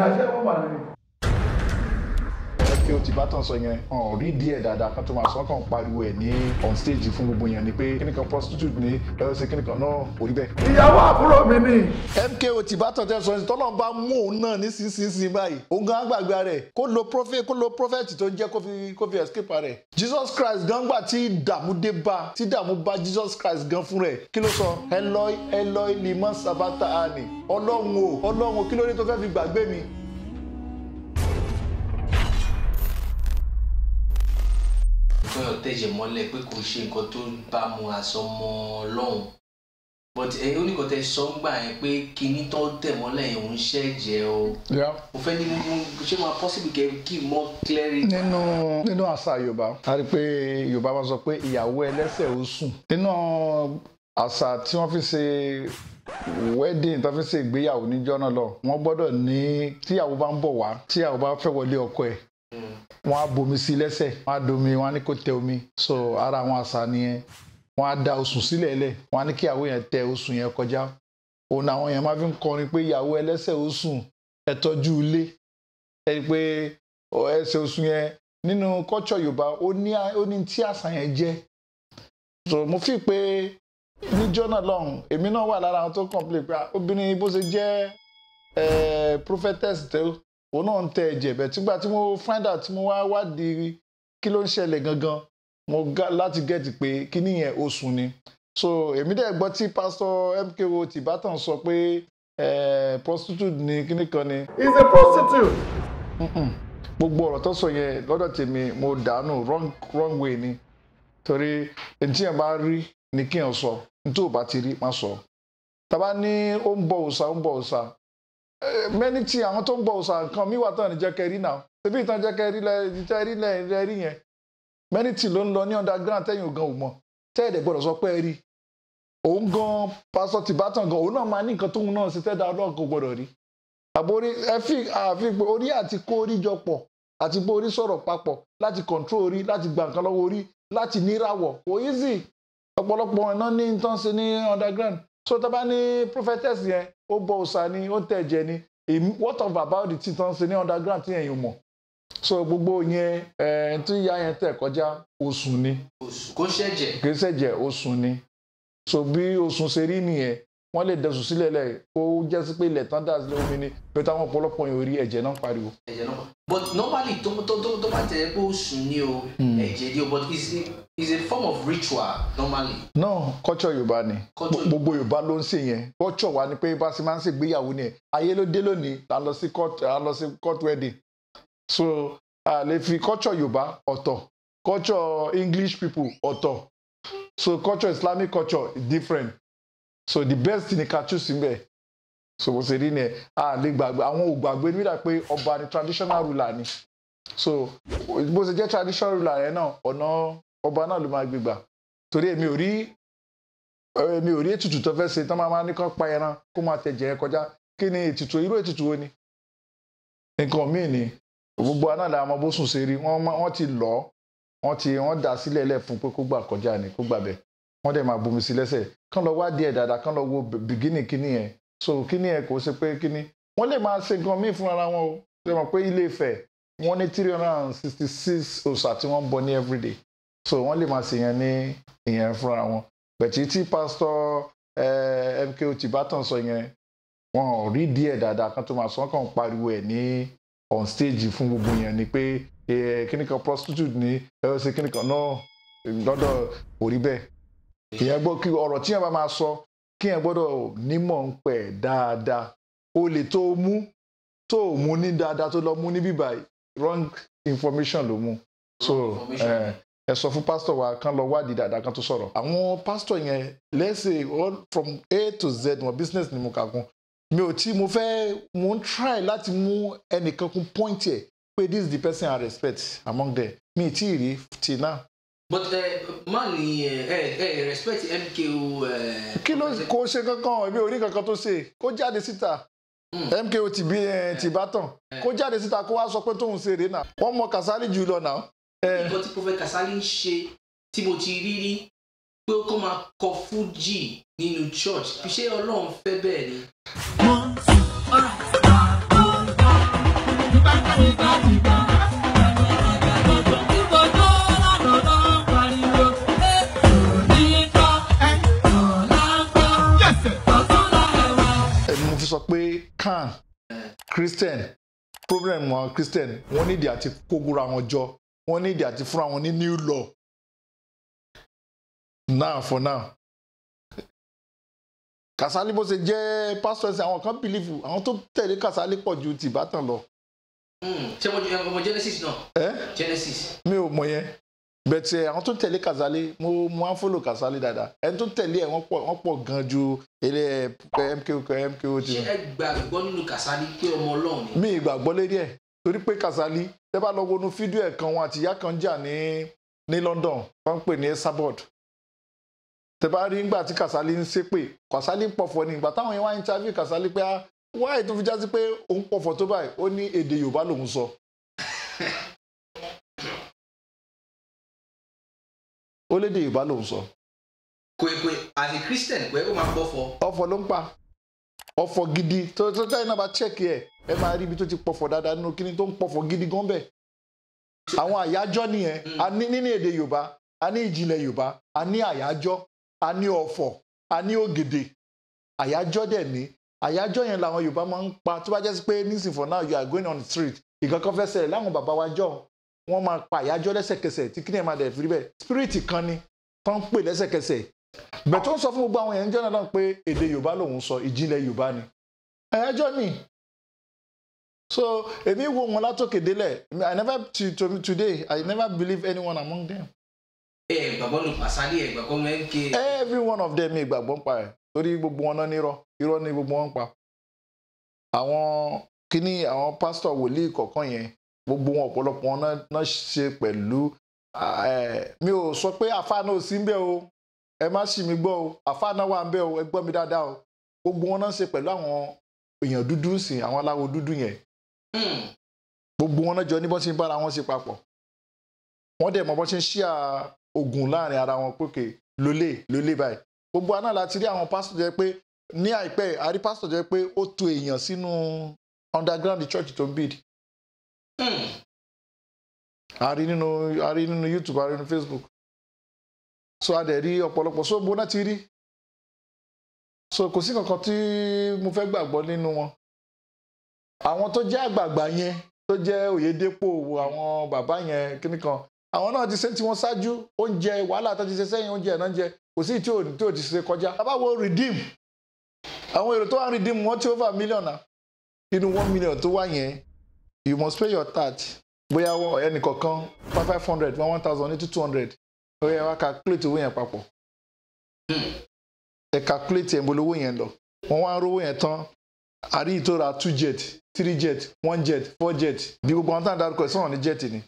ìránṣẹ́ wọn wà lórí pé ó ti bá tàn sọ yẹn hàn rí díẹ̀ dáadáa kan tó máa sọ kàn pariwo ẹ̀ ní on stage fún gbogbo yẹn ni pé kíníkan prostitute ni ẹ ṣe kíníkan náà kò rí bẹ́ẹ̀. ìyàwó àbúrò mi ni. MKO ti bá tọ̀tẹ̀ sọ tọ́lọ́ bá mú òun náà ní sísinsin báyìí òun gan gbàgbé rẹ̀ kó lo prophet kó lo prophet tó ń jẹ́ kó fi kó fi escape rẹ̀ Jesus Christ gan gbà tí dààmú dé bá tí dààmú bá Jesus Christ gan fún rẹ̀ kí ló sọ Eloi Eloi lima sabata ani ọlọ́run o ọlọ́run kí ló dé tó fẹ́ fi gbàgbé mi Fúnmiláyọ̀ tẹ̀jẹ̀ mọ́lẹ̀ pé kò ṣe nǹkan tó bá mu àsọmọ ọlọ́run but ẹ eh, ó ní kò tẹ sọ ń gbà yẹn pé kinní tó tẹ̀ mọ́lẹ̀ yẹn ò ń ṣẹ̀jẹ̀ o mo fẹ́ ní ṣé máa possible kẹ́ kí n mọ́ nínú nínú àṣà yorùbá a rí i pé yorùbá máa sọ pé ìyàwó ẹlẹ́sẹ̀ ó sùn nínú àṣà tí wọ́n fi ṣe wedding tó fi ṣe ìgbéyàwó níjọ́ náà lọ wọ́n gbọ́dọ̀ ní tíyàwó bá ń bọ̀ wá tíyàwó bá fẹ́ wọlé ọkọ ẹ̀ wọ́n abomi si sí lẹ́sẹ̀ wọ́n wọn domi wọ́n omi so ara wọn àṣà nìyẹn wọ́n á da oṣù sílẹ̀ lẹ̀ wọ́n á ní kí ìyàwó yẹn tẹ oṣù yẹn kọjá òun àwọn yẹn máa fi ń pé ìyàwó ẹlẹ́sẹ̀ ilé pé ẹsẹ̀ osun yẹn nínú culture Yorùbá ó ní tí àṣà yẹn jẹ́ so mo fi èmi náà wà òun náà ń tẹ ẹ̀jẹ̀ bẹ̀ gba tí mo find out tí mo wá wádìí kí ló ń gangan mo ga láti gẹ̀tì pé kíní yẹn ni so èmi dẹ̀ gbọ́ tí pásítọ̀ MKO Tibetan sọ pé prostitute ni kíní kan ni. is a prostitute. gbogbo ọ̀rọ̀ tó sọ yẹn lọ́dọ̀ tèmi mo dànù wrong wrong way ni torí ntí yẹn bá rí ni kí yẹn sọ ntí ò bá ti rí má sọ. tàbá ní ó ń bọ òòṣà ó ń bọ òòṣà Many tí àwọn tó ń gbọ́ òòsà nǹkan mi wà tán ní jẹ́ kẹrí náà ṣebí ìtàn jẹ́ kẹrí lẹ́rí lẹ́rí yẹn mẹ́ni tí ló ń lọ ní underground tẹ́yìn ògan ò mọ̀ tẹ́ẹ̀dẹ̀ gbọ́dọ̀ sọ pé rí òun gan pásọ tìbátàn gan òun náà máa ní nǹkan tóun náà ṣe tẹ́ẹ̀dá ọlọ́run kò gbọ́dọ̀ rí àbórí ẹ̀fí àfihàn orí àti kó orí jọ pọ̀ àti bó orí sọ̀rọ̀ papọ̀ láti control orí láti gba nǹkan lọ́wọ́ orí láti níràwọ̀ kò easy ọ̀pọ̀lọpọ̀ ọ̀nà ní tán ṣe ní underground so tó bá ní prophetess yẹn ó bọ òòṣà ni ó ń tẹ̀jẹ̀ ni èmi what of about the titan ṣe ní underground tí èyàn mọ̀ so gbogbo yẹn ẹ eh, tí ìyá yẹn tẹ̀ kọjá oṣù ni. kò ṣẹ̀jẹ̀. kò ṣẹ̀jẹ̀ oṣù ni so bí oṣù ṣe rí nìyẹn wọ́n lè dẹ̀sùn sílẹ̀ lẹ̀ kó jẹ́ sí pé ilẹ̀ tán dà sílẹ̀ omi ni pé táwọn ọ̀pọ̀lọpọ̀ yẹn rí ẹ̀jẹ̀ náà pariwo. ẹ̀jẹ̀ náà but normally tó tó tó tó bá tẹ̀ pé ó sùn ní o hmm. ẹ̀jẹ̀ ni o but it's it's a form of ritual normally. no culture yorùbá ni gbogbo yorùbá ló ń ṣe yẹn culture wa ni pé bá a ṣe máa ń ṣègbéyàwó ni ẹ̀ ayé ló dé lónìí la lọ sí court la lọ sí court wedding so a lè fi culture yorùbá ọ̀tọ̀ culture english people ọ̀tọ̀ so culture islamic culture different so the best ni ká choose ń so bó ṣe rí ni ẹ̀ a lè gbàgbé àwọn ò nígbà pé ọba ni traditional ruler ni so bó ṣe jẹ́ traditional ruler yẹn náà ọ̀nà ọba náà ló máa gbé gbà torí èmi ò rí èmi ò rí ètùtù tó fẹ́ ṣe tán máa ní kán pa ẹran kó máa tẹ̀jẹ̀ ẹ kọjá kí ni ètùtù irú ètùtù wo ni nǹkan míì ni gbogbo anáàlà ọmọ bó sùn ṣe rí wọ́n ti lọ́ wọ́n ti wọ́n dà sílẹ̀ lẹ̀ pé kó gbà kọjá ni kó gbà bẹ́ẹ̀ wọ́n dẹ̀ máa bomi sí lẹ́sẹ̀ kán lọ wádìí ẹ̀ dáadáa kán lọ wo bìgínì kíní yẹn so kíní yẹn kò ṣe pé kíní wọ́n lè máa ṣe nǹkan míì fúnra wọn o ṣe mọ̀ pé Ilé Ifẹ̀ wọ́n ní three hundred and sixty six òòṣà tí wọ́n ń bọ ní everyday so wọ́n lè máa ṣe yẹn ní ìyẹn fúnra wọn bẹ̀tí tí pásítọ̀ eh, MKO Tibetan sọ yẹn wọn ò rí díẹ̀ dáadáa kan tó máa sọ kàn pariwo ẹ̀ ní on stage fún gbogbo yẹn ni pé eh, kíní kan prostitute ní ẹ ṣe kíní kan náà lọ́dọ̀ kò rí bẹ́ẹ̀ ìyẹn gbọ́ kí ọ̀rọ̀ tí yẹn bá máa sọ kí yẹn gbọ́dọ̀ nímọ̀ ń pẹ̀ dáadáa o lè tó o mú tó o mú ní dáadáa tó lọ mú ní bíbá wrong information ló mú so eh, ẹ sọ fún pásítọ̀ wa kán lọ wádìí dáadáa kan tó sọ̀rọ̀ àwọn pásítọ̀ yẹn let's say all from A to Z wọn business ni mo kà kún mi ò tí mo fẹ́ mo ń try láti mú ẹnìkan kún point yẹ pé this is the person I respect among them mi ì tí ì rí tì náà but eh, man ni eh, eh, respect MK o. kí ló kò ṣe kankan èmi ò rí kankan tó ṣe kó jáde síta MK hmm. o ti bí ti bá tàn kó jáde síta kó wá sọ pé tóun ṣe rèé náà wọ́n mọ Kasali jù lọ náà. tí prophet Kasali ń ṣe tí mo ti rí rí pé ó kọ́ máa kọ fújì nínú church ṣé Ọlọ́run fẹ́ bẹ́ẹ̀ ni. one two all right. kan christian problem wọn christian wọ́n nídi àti kógóra wọn jọ wọ́n nídi àti fúnra wọn ní new law now for now Kasali bó ṣe jẹ́ pastor ẹ̀sìn àwọn kan believe àwọn tó tẹ̀lé Kasali pọ̀ ju tìbátan lọ. Hmm, ṣé mo jẹ́ ọmọ Genesis náà. ẹ Genesis. mi ò mọ yẹn but eh, àwọn tó tẹ̀lé Kasale mo mo á fọ́lọ̀ Kasale dáadáa ẹni tó tẹ̀lé ẹ̀ wọ́n pọ̀ wọ́n pọ̀ gan ju ilé eh, MKO MKO ti. ṣé ẹ gbàgbọ́ nínú Kasale pé ọmọ Ọlọ́run ni. mi ìgbàgbọ́ lérí ẹ̀ torí pé Kasale tẹ́ bá lọ wọnú fídíò ẹ̀ kan wọn àti kan jà ní ní London wọ́n ń pè ní Esabod tẹ́ bá rí ngbà tí Kasale ń ṣépè Kasale ń pọ̀fọ̀ ní ìgbà táwọn yẹn wá interview Kasale pé ah, wáyé tó fi já sí ó lédè yorùbá lòun sọ. kwekwe as a christian kwekwe máa bọ́ fọ. ọ̀fọ̀ ló ń pa ọ̀fọ̀ gidi tó tó táyìn náà bá chẹ́ẹ̀kì ẹ̀ ẹ máa rí ibi tó ti pọ̀fọ̀ dáadáa nínú kíní tó ń pọ̀fọ̀ gidi gan bẹ́ẹ̀. àwọn àyájọ́ nìyẹn mm. a ní nínú èdè yorùbá a ní ìjìnlẹ̀ yorùbá a ní àyájọ́ a ní ọ̀fọ̀ a ní ògèdè àyájọ́ dẹ̀ ní àyájọ́ yẹn làwọn yorùbá máa ń pa tó bá jẹ́ sí pé nísìnyí for now you are going on the street ìkankan fẹ́ ṣẹlẹ̀ láwọn bàbá wa jọ wọ́n máa pa àyájọ́ lẹ́sẹ̀kẹsẹ̀ tí kí ni ẹ̀ máa dẹ̀ fi rí bẹ́ẹ̀ spiriti kan ni tó ń pè lẹ́sẹ̀kẹsẹ̀ bẹ̀ tó ń sọ fún gbogbo àwọn èèyàn jọ́nà náà pé èdè Yorùbá lòun sọ ìjìnlẹ̀ Yorùbá ni àyájọ́ ni so èmi wo wọn látòkè délẹ̀ I never to, to today I never believe anyone among them. ẹ gbàgbọ́ nù pàṣálí ẹ gbàgbọ́ nù mk. every one of them ìgbàgbọ́ ń pa ẹ̀ torí gbogbo wọn náà nírọ́ irọ́ ni gbogbo wọn ń pa àwọn kíní àwọn pásítọ̀ wòlíì kọ̀ọ̀kan yẹn gbogbo wọn ọ̀pọ̀lọpọ̀ náà ṣe pẹ̀lú mi ò sọ pé àfáà náà ò sí ń bẹ̀ o ẹ má ṣì mí gbọ́ o àfáà náà wà ń bẹ̀ o ẹ gbọ́ mi dáadáa o gbogbo wọn náà ṣe pẹ̀lú àwọn èèyàn dúdú sìn àwọn aláwọ̀ dúdú yẹn hmm. gbogbo wọn náà jọ ní bọ́n ṣe ń bára wọn ṣe papọ̀ wọ́n dẹ̀ mọ bọ́n ṣe ń ṣíà ogun láàrin ara wọn pókè lólè lólè báyìí gbogbo aná láti rí àwọn pásítọ̀ jẹ́ pé ní àìpẹ́ àrí pásítọ̀ jẹ́ pé ó tò èèyàn sínú underground church tó ń bìdì Hmm. Ari rí nínú a rí nínú YouTube Ari rí Facebook so a dẹ̀ rí ọ̀pọ̀lọpọ̀ so bó ti rí so kò sí kankan tí mo fẹ́ gbàgbọ́ nínú wọn àwọn tó jẹ́ àgbààgbà yẹn tó jẹ́ Oyèdépò wo àwọn bàbá yẹn kíní kan àwọn náà ti ṣe tí wọ́n ṣáájú oúnjẹ wàhálà tó ti ṣe sẹ́yìn oúnjẹ náà jẹ kò sí tí ò tí ò ti ṣe kọjá báwo redeem àwọn èrò tó wà redeem wọ́n tí over million na inú one million tó wà yẹn you must pay your tax bóyá ẹnìkọ̀ọ̀kan five hundred one one thousand eight two hundred ó yẹ calculate owó yẹn papọ̀ ẹ calculate ẹ̀ bolówó yẹn lọ wọ́n wá ń rówó yẹn tán àrí ìtura two jet three jet one jet four jet bí gbogbo àwọn tá à ń darúkọ sọ̀rọ̀ ní jet ni.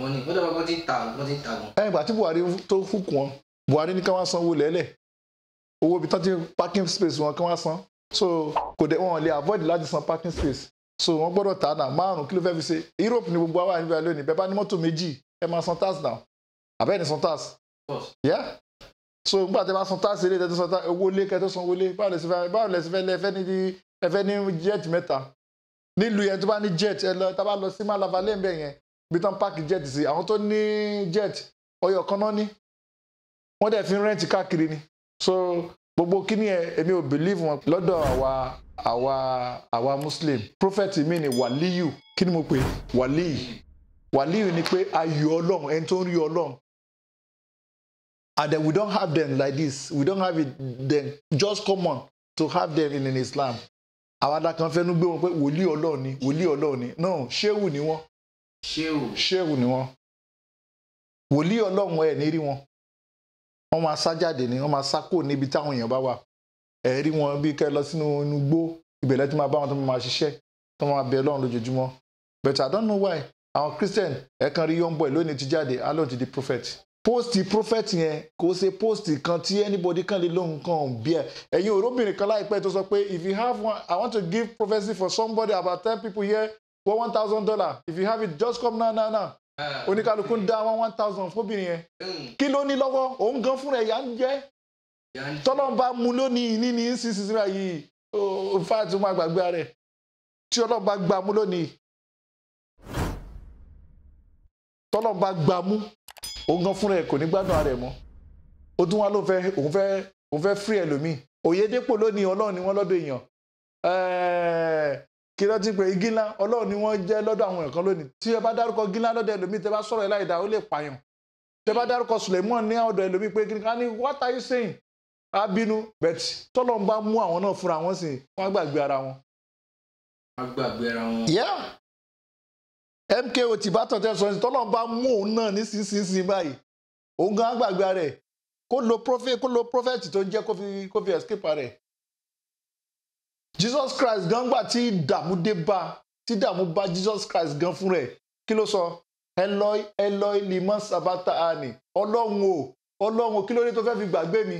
wọ́n ní bóyá wọ́n ti ń ta wọ́n ti ń ta gan. ẹ̀yìn ìgbà tí Buhari tó fúnkù wọn Buhari ní ká wá san lẹ́lẹ̀ owó ibi tán ti parking space wọn ká wá san so kò dé wọn lè avoid láti san parking space so wọ́n gbọ́dọ̀ tà náà márùn-ún kí ló fẹ́ fi ṣe Europe ni gbogbo àwa níbẹ̀ lónìí bẹ́ẹ̀ bá ní mọ́tò méjì ẹ máa san tax náà àbẹ́ẹ̀ ni san tax yeah so nígbà tí a bá san tax eré tẹ́tọ́ san tax owó lé kẹ́tọ́ san owó lé báwo lẹ sì fẹ́ lẹ ẹ fẹ́ ní ẹ fẹ́ ní jet mẹ́ta nílùú yẹn tó bá ní jet ẹ lọ tá a bá lọ sí Malaba lẹ́ẹ̀mbẹ̀ yẹn ibi tán jet sí àwọn tó ní jet ọyọ̀ kan náà ní wọ́n dẹ̀ fi rẹ́ǹtì káàkiri ni so gbogbo kíní ẹ èmi ò believe wọn lọ́dọ̀ àwa àwa àwa muslim prophet mi ni wàlíyù kí ni mo pè wàlíyù wàlíyù ni pé ayọ̀ ọlọ́run ẹni tó ń rí ọlọ́run and then we don't have them like this we don't have it then just common to have them in, in islam àwọn adakan fẹnu gbé wọn pé wòlíì ọlọ́run ni wòlíì ọlọ́run ni no ṣéwù ni wọn ṣéwù ni wọn wòlíì ọlọ́run ẹ̀ ní rí wọn wọ́n máa sá jáde ni wọ́n máa sá kò níbi táwọn èèyàn bá wà ẹ̀rí wọn bí kẹ́ lọ sínú inú gbó ìbẹ̀lẹ̀ tó máa bá wọn tó máa ṣiṣẹ́ tó máa bẹ Ọlọ́run lójoojúmọ́ but I don't know why àwọn Christian ẹ̀kan rí young boy lónìí ti jáde alóhùn ti di prophet post prophet yẹn kò ṣe post kan tí anybody kan lè lóhun kan bí ẹ ẹ̀yin òróbìnrin kan láìpẹ́ tó sọ pé if you have one I want to give prophecy for somebody about ten people here for one thousand dollar if you have it just come now now now Ah. oníkálukú ń dá one thousand fóbìnrin yẹn hmm. kí ló ní lọ́wọ́ òun gan fúnra ẹ̀yà ń jẹ́ tọ́lọ́mba mu lónìí ní ní sísìsìrà yìí fáàtì máa gbàgbé rẹ̀ tí ọlọ́mba gbà mú lónìí tọ́lọ́mba gbà mú òun gan fúnra ẹ̀ kò ní gbádùn ara mọ́ ó tún wá ló fẹ́ òun fẹ́ òun fẹ́ free ẹlòmíì Òyedèpọ̀ lónìí ọlọ́run ni wọ́n lọ́dọ̀ èèyàn kí rántí pé gílá ọlọ́run ni wọ́n jẹ́ lọ́dọ̀ àwọn ẹ̀kan lónìí tí ẹ bá dárúkọ gílá lọ́dọ̀ ẹlòmíì tẹ bá sọ̀rọ̀ ẹ láìda ó lè pààyàn tẹ bá dárúkọ Suleiman ní ọ̀dọ̀ ẹlòmíì pé kíni ká ní what are you saying abinu bet tọ́lọ̀ ń bá mú àwọn náà fúnra wọn sì wọ́n gbàgbé ara wọn. wọ́n gbàgbé ara wọn. yeah MKO Tibetan tẹ sọ tọ́lọ̀ ń bá mú òun náà nísinsìnyí báyìí òun gan gbàgbé ara rẹ̀ kó lo prophet kó lo prophet tó ń jẹ́ kó fi escape ara rẹ̀ jesus christ gan gbà tí ìdààmú dé bá tí ìdààmú bá jesus christ gan fún rẹ̀ kí ló sọ eloi eloi lima sabata ani ọlọ́run o ọlọ́run o kí ló dé tó fẹ́ fi gbàgbé mi